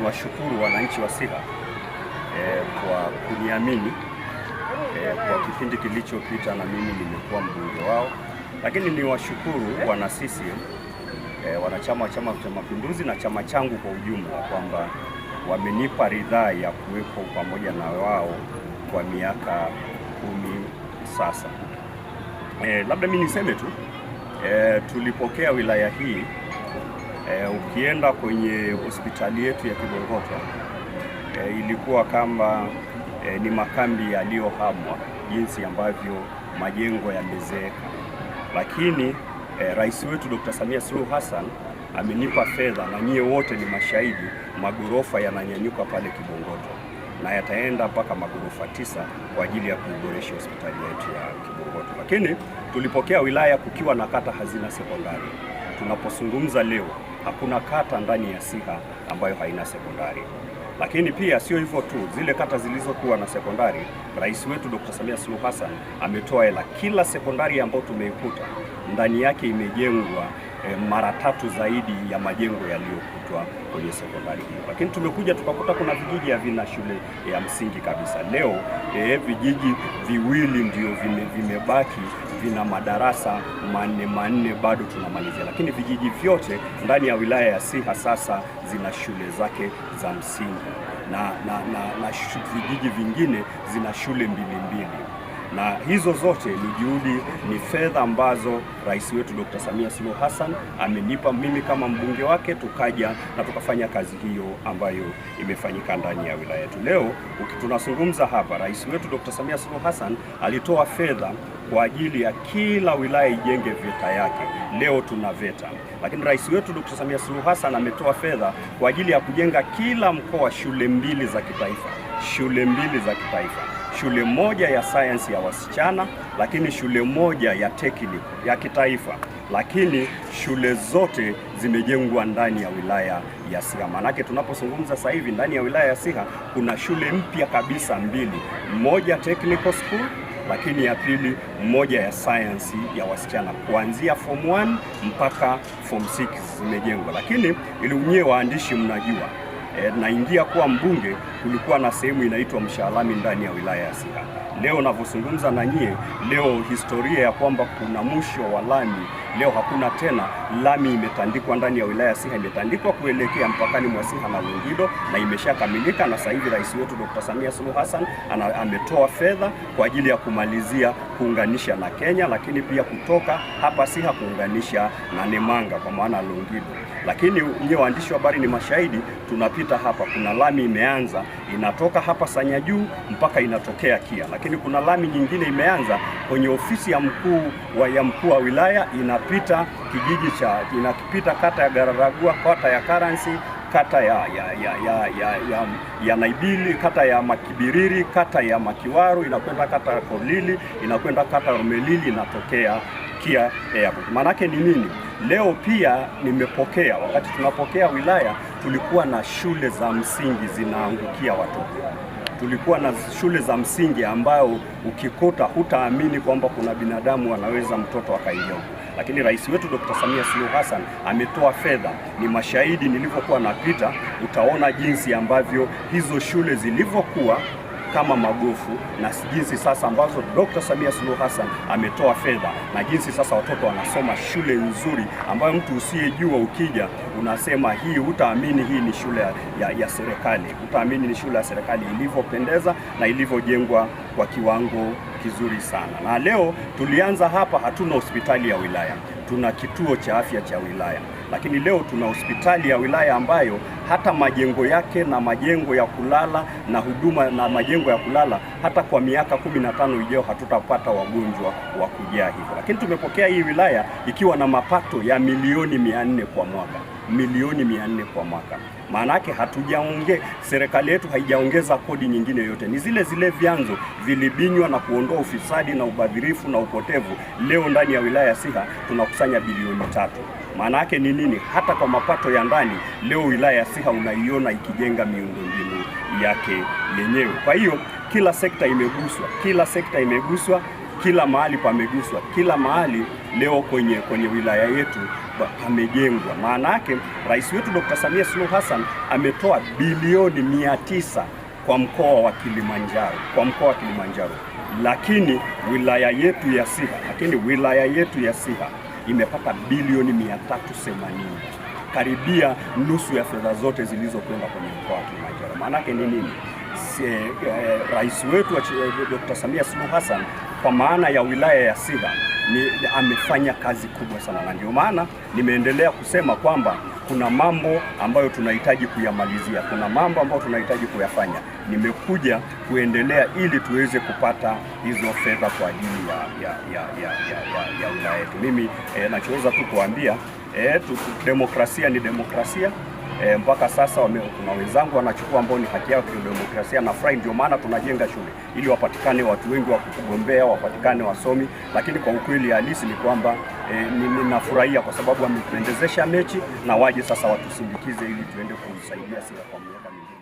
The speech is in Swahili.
niwashukuru wananchi wa Siha eh, kwa kuniamini eh, kwa kipindi kilichopita na mimi nimekuwa mbunge wao, lakini niwashukuru wana CCM eh, wanachama wa Chama cha Mapinduzi na chama changu kwa ujumla kwamba wamenipa ridhaa ya kuwepo pamoja na wao kwa miaka kumi sasa. Eh, labda mimi niseme tu eh, tulipokea wilaya hii E, ukienda kwenye hospitali yetu ya Kibong'oto e, eh, ilikuwa kama e, ni makambi yaliyohamwa jinsi ambavyo majengo yamezeeka, lakini e, rais wetu Dr. Samia Suluhu Hassan amenipa fedha na nyie wote ni mashahidi, magorofa yananyanyuka pale Kibong'oto na yataenda mpaka magorofa tisa kwa ajili ya kuboresha hospitali yetu ya Kibong'oto. Lakini tulipokea wilaya kukiwa na kata hazina sekondari, tunapozungumza leo hakuna kata ndani ya Siha ambayo haina sekondari. Lakini pia sio hivyo tu, zile kata zilizokuwa na sekondari, rais wetu Dr. Samia Suluhu Hassan ametoa hela. Kila sekondari ambayo tumeikuta ndani yake imejengwa e, mara tatu zaidi ya majengo yaliyokutwa kwenye sekondari hiyo. Lakini tumekuja tukakuta kuna vijiji havina shule ya msingi kabisa. Leo e, vijiji viwili ndio vimebaki vime vina madarasa manne manne, bado tunamalizia, lakini vijiji vyote ndani ya wilaya ya Siha sasa zina shule zake za msingi na, na, na, na vijiji vingine zina shule mbili mbili na hizo zote ni juhudi, ni fedha ambazo rais wetu Dr. Samia Suluhu Hassan amenipa mimi kama mbunge wake, tukaja na tukafanya kazi hiyo ambayo imefanyika ndani ya wilaya yetu. Leo tunazungumza hapa, rais wetu Dr. Samia Suluhu Hassan alitoa fedha kwa ajili ya kila wilaya ijenge VETA yake. Leo tuna VETA, lakini rais wetu Dr. Samia Suluhu Hassan ametoa fedha kwa ajili ya kujenga kila mkoa shule mbili za kitaifa, shule mbili za kitaifa shule moja ya sayansi ya wasichana, lakini shule moja ya tekniki ya kitaifa, lakini shule zote zimejengwa ndani ya wilaya ya Siha. Maanake tunapozungumza sasa hivi ndani ya wilaya ya Siha kuna shule mpya kabisa mbili, moja technical school lakini ya pili moja ya sayansi ya wasichana kuanzia form 1 mpaka form 6 zimejengwa. Lakini ili unyewe waandishi mnajua e, naingia kuwa mbunge kulikuwa na sehemu inaitwa Mshalami ndani ya wilaya ya Siha. Leo navyozungumza na nyie, leo historia ya kwamba kuna mwisho wa lami leo hakuna tena. Lami imetandikwa ndani ya wilaya ya Siha, imetandikwa kuelekea mpakani mwa Siha na Longido na imeshakamilika, na sasa hivi rais wetu Dr. Samia Suluhu Hassan ametoa fedha kwa ajili ya kumalizia kuunganisha na Kenya, lakini pia kutoka hapa Siha kuunganisha na Nemanga kwa maana Longido. Lakini nyie waandishi wa habari ni mashahidi, tunapita hapa, kuna lami imeanza inatoka hapa Sanya Juu mpaka inatokea Kia, lakini kuna lami nyingine imeanza kwenye ofisi ya mkuu wa ya mkuu wa wilaya inapita kijiji cha inapita kata ya Gararagua, kata ya Karansi, kata ya, ya, ya, ya, ya, ya, ya Naibili, kata ya Makibiriri, kata ya Makiwaru, inakwenda kata ya Kolili, inakwenda kata ya Rumelili, inatokea Kia Airport. Maanake ni nini? Leo pia nimepokea, wakati tunapokea wilaya tulikuwa na shule za msingi zinaangukia watoto. Tulikuwa na shule za msingi ambayo ukikuta hutaamini kwamba kuna binadamu anaweza mtoto akaingia huko, lakini rais wetu Dr. Samia Suluhu Hassan ametoa fedha. Ni mashahidi, nilivyokuwa napita utaona jinsi ambavyo hizo shule zilivyokuwa kama magofu na jinsi sasa ambazo Dr. Samia Suluhu Hassan ametoa fedha na jinsi sasa watoto wanasoma shule nzuri ambayo mtu usiyejua ukija unasema hii, hutaamini hii ni shule ya, ya serikali, hutaamini ni shule ya serikali ilivyopendeza na ilivyojengwa kwa kiwango kizuri sana. Na leo tulianza hapa, hatuna hospitali ya wilaya, tuna kituo cha afya cha wilaya lakini leo tuna hospitali ya wilaya ambayo hata majengo yake na majengo ya kulala na huduma na majengo ya kulala hata kwa miaka kumi na tano ijayo hatutapata wagonjwa wa kujaa hivyo. Lakini tumepokea hii wilaya ikiwa na mapato ya milioni mia nne kwa mwaka, milioni mia nne kwa mwaka. Maana yake hatujaonge, serikali yetu haijaongeza kodi nyingine yoyote, ni zile zile vyanzo vilibinywa na kuondoa ufisadi na ubadhirifu na upotevu. Leo ndani ya wilaya ya Siha tunakusanya bilioni tatu. Maana yake ni nini? Hata kwa mapato ya ndani leo wilaya ya Siha unaiona ikijenga miundombinu yake yenyewe. Kwa hiyo kila sekta imeguswa, kila sekta imeguswa, kila mahali pameguswa, kila mahali leo kwenye kwenye wilaya yetu pamejengwa. Maana yake rais wetu Dr. Samia Suluhu Hassan ametoa bilioni mia tisa kwa mkoa wa Kilimanjaro, kwa mkoa wa Kilimanjaro, lakini wilaya yetu ya Siha, lakini wilaya yetu ya Siha imepata bilioni 380 karibia nusu ya fedha zote zilizokwenda kwenye mkoa wa Kilimanjaro. Maanake ni nini? Eh, rais wetu eh, Dr. Samia Suluhu Hassan kwa maana ya wilaya ya siha ni amefanya kazi kubwa sana, na ndio maana nimeendelea kusema kwamba kuna mambo ambayo tunahitaji kuyamalizia, kuna mambo ambayo tunahitaji kuyafanya. Nimekuja kuendelea ili tuweze kupata hizo fedha kwa ajili ya, ya, ya, ya, ya, ya wilaya yetu. Mimi eh, nachoweza tu kuambia eh, demokrasia ni demokrasia. E, mpaka sasa wame, kuna wenzangu wanachukua ambao ni haki yao kidemokrasia na furahi. Ndio maana tunajenga shule ili wapatikane watu wengi wa kugombea, wapatikane wasomi, lakini kwa ukweli halisi ni kwamba e, ninafurahia kwa sababu wamependezesha mechi na waje sasa watusindikize ili tuende kusaidia sira kwa miaka mingine.